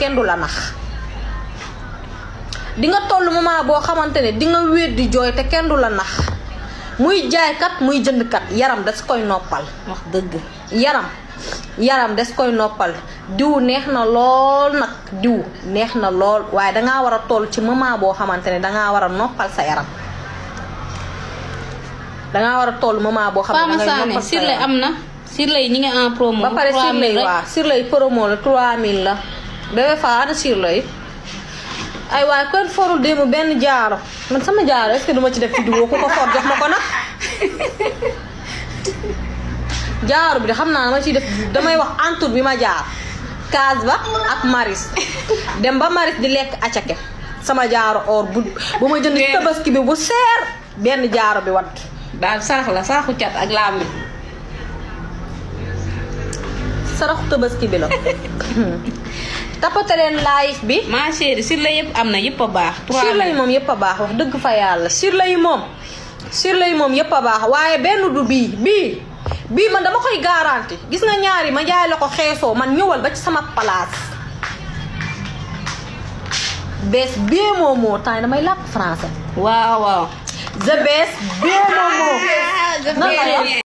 kenn du la nax di nga toll moment bo xamantene di nga wéet di te kenn du la nax muy kat muy kat yaram da koy noppal wax deug yaram yaram des koy noppal diw neexna lol nak diw neexna lol waye da nga wara nopal toll ci moment bo xamantene da nga wara sa yaram da nga wara toll moment bo xamantene ne dangay sirlay ñi nga en promo ba pare sirlay wa sirlay promo la 3000 la bébé Faa ana siir ay waaye kenn forul démb benn jaaro man sama jaaro est-ce duma ci def vidéo ku ko for jox ma ko nag jaaro bi de xam naa ma ciy def damay wax entour bi ma jaar kaas ba ak maris dem ba maris di lekk acake sama jaaro or bu bu ma jënd tabaski bi bu seer benn jaaro bi wat daal sarax la saraxu cat ak laam bi saraxu tabaski bi la tapote leen live bi. ma chérie surlait yëpp am na yëpp a baax. surlait yi moom yëpp a baax wax dëgg fa yàlla surlait yi moom. surlait yi moom yëpp a baax waaye benn du bii bii bii man dama koy garanti gis nga ñaari ma jaay la ko xeesoo man ñëwal ba ci sama place. bees bee moomoo temps damay làkk français. waaw waaw. the best bee moomoo.